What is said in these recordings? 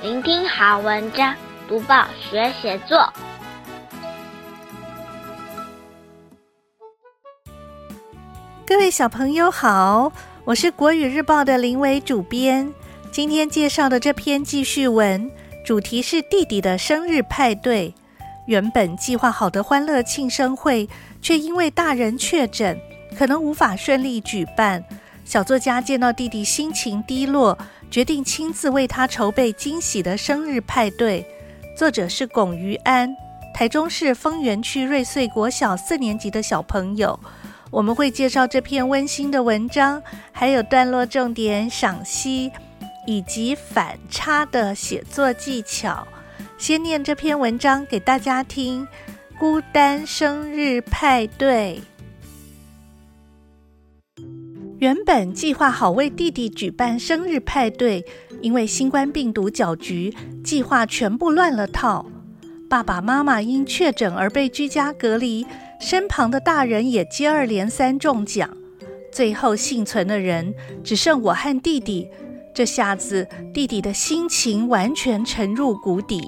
聆聽好文章，讀報學寫作。各位小朋友好，我是國語日報的林偉主編。今天介紹的這篇記敘文主題是弟弟的生日派對。原本計劃好的歡樂慶生會，卻因為大人確診，可能無法順利舉辦。小作家見到弟弟心情低落，決定親自為他籌備驚喜的生日派對。作者是龔於安，台中市豐原區瑞穗國小四年級的小朋友。我們會介紹這篇溫馨的文章，還有段落重點賞析以及反差的寫作技巧。先念這篇文章給大家聽：孤單生日派對。原本計劃好為弟弟舉辦生日派對，因為新冠病毒攪局，計劃全部亂了套。爸爸媽媽因確診而被居家隔離，身旁的大人也接二連三中獎，最後倖存的人只剩我和弟弟。這下子，弟弟的心情完全沉入谷底。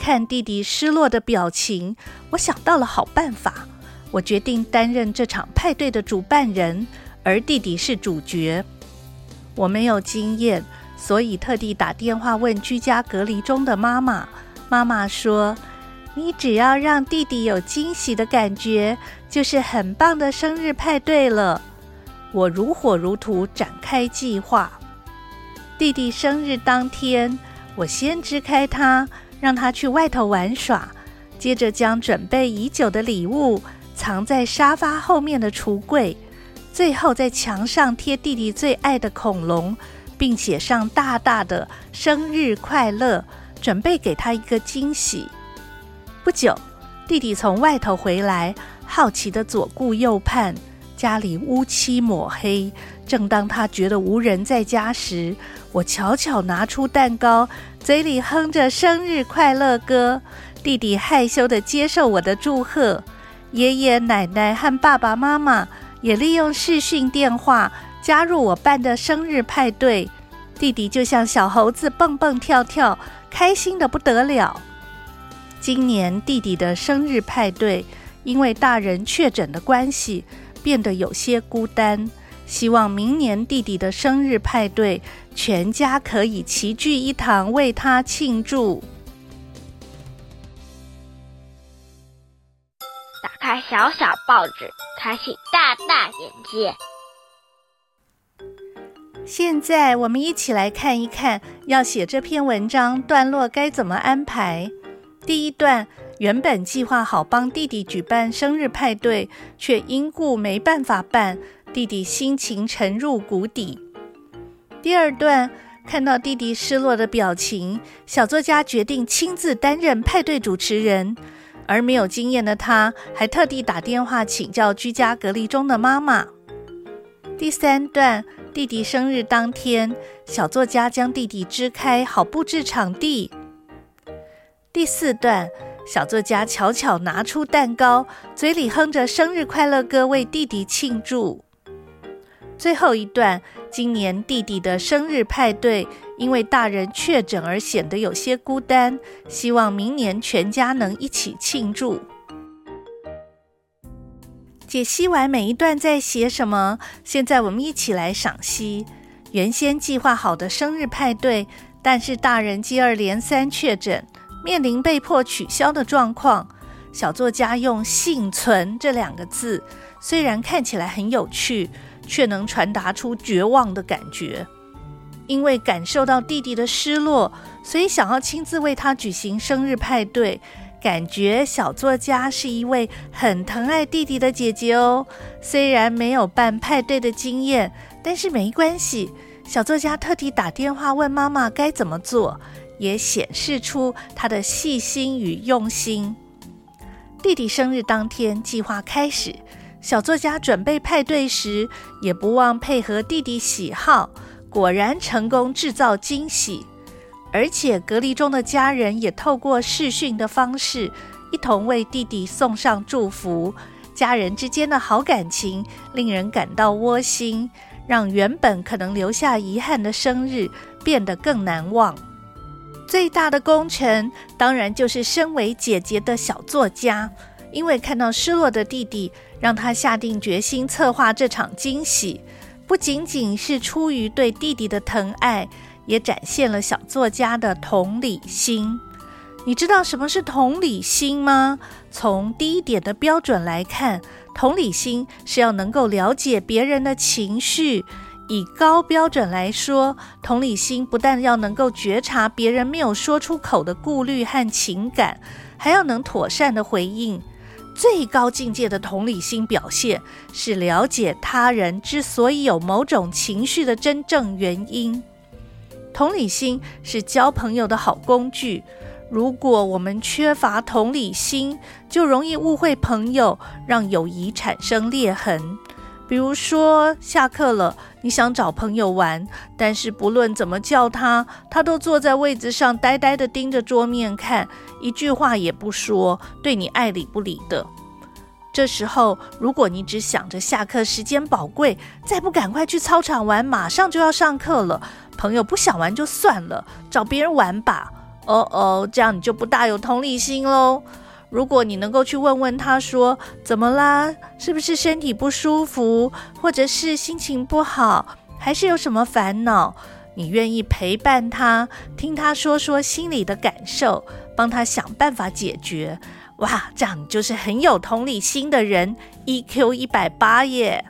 看弟弟失落的表情，我想到了好辦法。我決定擔任這場派對的主辦人。而弟弟是主角，我沒有經驗，所以特地打電話問居家隔離中的媽媽。媽媽說：“你只要讓弟弟有驚喜的感覺，就是很棒的生日派對了。”我如火如荼展開計劃。弟弟生日當天，我先支開他，讓他去外頭玩耍，接着將準備已久的禮物藏在沙發後面的櫥櫃。最後，在牆上貼弟弟最愛的恐龍，並寫上大大的“生日快樂”，準備給他一個驚喜。不久，弟弟從外頭回來，好奇的左顧右盼，家裡烏漆抹黑。正當他覺得無人在家時，我悄悄拿出蛋糕，嘴裡哼着生日快樂歌。弟弟害羞的接受我的祝賀，爺爺奶奶和爸爸媽媽，也利用視訊電話加入我辦的生日派對，弟弟就像小猴子蹦蹦跳跳，開心得不得了。今年弟弟的生日派對，因為大人確診的關係，變得有些孤單。希望明年弟弟的生日派對，全家可以齊聚一堂為他慶祝。打開小小報紙。他是大大眼界。現在我們一起來看一看，要寫這篇文章段落該怎麼安排。第一段，原本計劃好幫弟弟舉辦生日派對，卻因故沒辦法辦，弟弟心情沉入谷底。第二段，看到弟弟失落的表情，小作家決定親自擔任派對主持人。而沒有經驗的他，還特地打電話請教居家隔離中的媽媽。第三段，弟弟生日當天，小作家將弟弟支開，好布置場地。第四段，小作家悄悄拿出蛋糕，嘴裡哼着生日快樂歌，為弟弟慶祝。最後一段，今年弟弟的生日派對因為大人確診而顯得有些孤單，希望明年全家能一起慶祝。解析完每一段在寫什麼，現在我們一起來賞析。原先計劃好的生日派對，但是大人接二連三確診，面臨被迫取消的狀況。小作家用“幸存”這兩個字，雖然看起來很有趣。卻能傳達出絕望的感覺，因為感受到弟弟的失落，所以想要親自為他舉行生日派對。感覺小作家是一位很疼愛弟弟的姐姐哦。雖然沒有辦派對的經驗，但是沒關係。小作家特地打電話問媽媽該怎麼做，也顯示出她的細心與用心。弟弟生日當天，計劃開始。小作家準備派對時，也不忘配合弟弟喜好，果然成功制造驚喜。而且隔離中的家人也透過視訊的方式，一同為弟弟送上祝福。家人之間的好感情令人感到窩心，讓原本可能留下遺憾的生日變得更難忘。最大的功臣當然就是身為姐姐的小作家，因為看到失落的弟弟，讓他下定決心策劃這場驚喜，不僅僅是出於對弟弟的疼愛，也展現了小作家的同理心。你知道什麼是同理心嗎？從低一點的標準來看，同理心是要能夠了解別人的情緒；以高標準來說，同理心不但要能夠覺察別人沒有說出口的顧慮和情感，還要能妥善的回應。最高境界的同理心表現是了解他人之所以有某種情緒的真正原因。同理心是交朋友的好工具，如果我們缺乏同理心，就容易誤會朋友，讓友誼產生裂痕。比如說，下課了，你想找朋友玩，但是不論怎麼叫他，他都坐在位子上，呆呆地盯着桌面看，一句話也不說，對你愛理不理的。這時候，如果你只想着下課時間寶貴，再不趕快去操場玩，馬上就要上課了，朋友不想玩就算了，找別人玩吧。哦哦，這樣你就不大有同理心嘍。如果你能夠去問問他說，怎麼啦？是不是身體不舒服？或者是心情不好？還是有什麼煩惱？你願意陪伴他，聽他說說心裡的感受，幫他想辦法解決，哇，這樣就是很有同理心的人，EQ 一百八耶！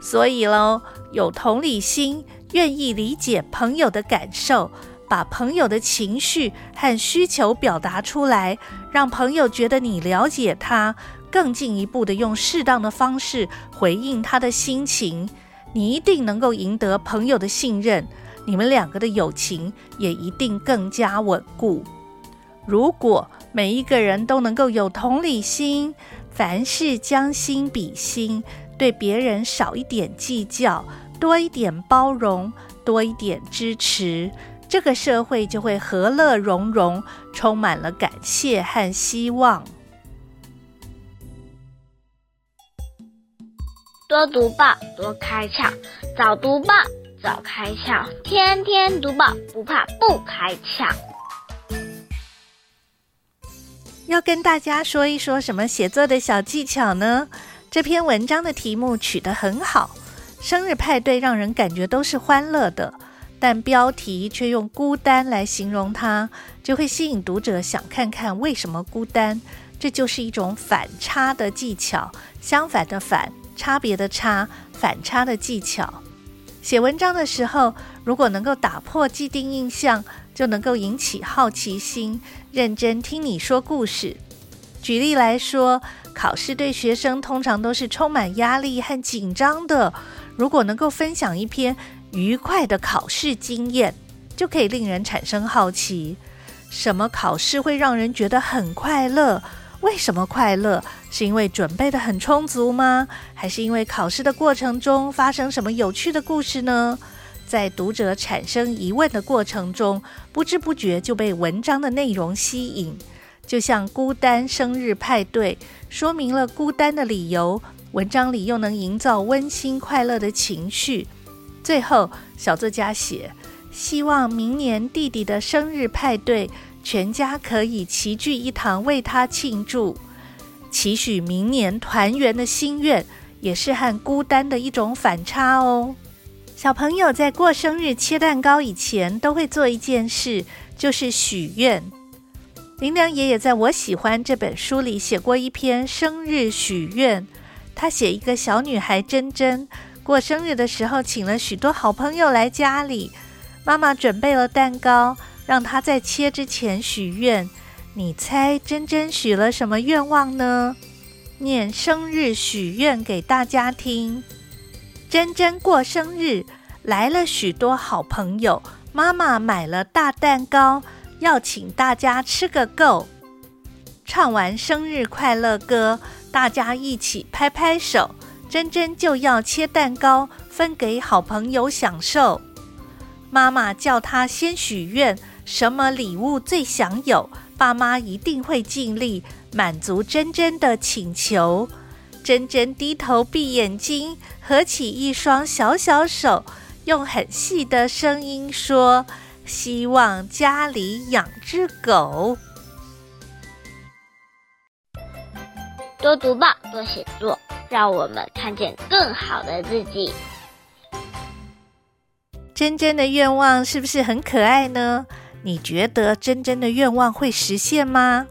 所以嘍，有同理心，願意理解朋友的感受。把朋友的情緒和需求表達出來，讓朋友覺得你了解他，更進一步的用適當的方式回應他的心情，你一定能夠贏得朋友的信任，你們兩個的友情也一定更加穩固。如果每一個人都能夠有同理心，凡事將心比心，對別人少一點計較，多一點包容，多一點支持。這個社會就會和樂融融，充滿了感謝和希望。多讀報，多開竅；早讀報，早開竅；天天讀報，不怕不開竅。要跟大家說一說什麼寫作的小技巧呢？這篇文章的題目取得很好，生日派對讓人感覺都是歡樂的。但標題卻用“孤單”來形容它，就會吸引讀者想看看為什麼孤單。這就是一種反差的技巧，相反的反，差別的差，反差的技巧。寫文章的時候，如果能夠打破既定印象，就能夠引起好奇心，認真聽你說故事。舉例來說，考試對學生通常都是充滿壓力和緊張的，如果能夠分享一篇，愉快的考試經驗就可以令人產生好奇。什麼考試會讓人覺得很快樂？為什麼快樂？是因為準備得很充足嗎？還是因為考試的過程中發生什麼有趣的故事呢？在讀者產生疑問的過程中，不知不覺就被文章的內容吸引。就像孤單生日派對，說明了孤單的理由，文章裡又能營造溫馨快樂的情緒。最後，小作家寫：“希望明年弟弟的生日派對，全家可以齊聚一堂為他慶祝。祈許明年團圓的心願，也是很孤單的一種反差哦。”小朋友在過生日切蛋糕以前，都會做一件事，就是許願。林良爺爺在我喜歡這本書裡寫過一篇生日許願，他寫一個小女孩珍珍。過生日的時候，請了許多好朋友來家裡。媽媽準備了蛋糕，讓他在切之前許願。你猜珍珍許了什麼願望呢？念生日許願給大家聽。珍珍過生日，來了許多好朋友。媽媽買了大蛋糕，要請大家吃個夠。唱完生日快樂歌，大家一起拍拍手。珍珍就要切蛋糕，分給好朋友享受。媽媽叫她先許願，什麼禮物最想有？爸媽一定會盡力滿足珍珍的請求。珍珍低頭閉眼睛，合起一雙小小手，用很細的聲音說：“希望家裡養隻狗。”多讀報，多寫作。讓我們看見更好的自己。珍珍的願望是不是很可愛呢？你覺得珍珍的願望會實現嗎？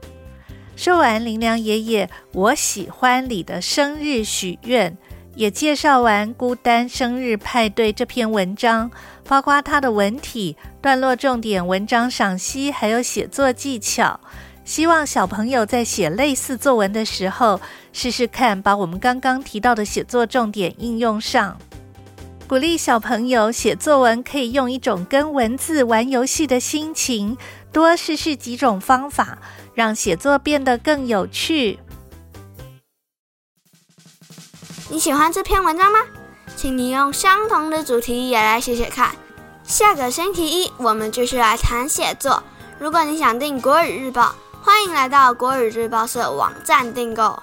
說完林良爺爺，我喜歡你的生日許願，也介紹完《孤單生日派對》這篇文章，包括他的文體、段落重點、文章賞析，還有寫作技巧。希望小朋友在寫類似作文的時候。試試看，把我們剛剛提到的寫作重點應用上。鼓勵小朋友寫作文，可以用一種跟文字玩遊戲的心情，多試試幾種方法，讓寫作變得更有趣。你喜歡這篇文章嗎？請你用相同的主題也來寫寫看。下個星期一，我們繼續來談寫作。如果你想訂《國語日報》，歡迎來到《國語日報社》網站訂購。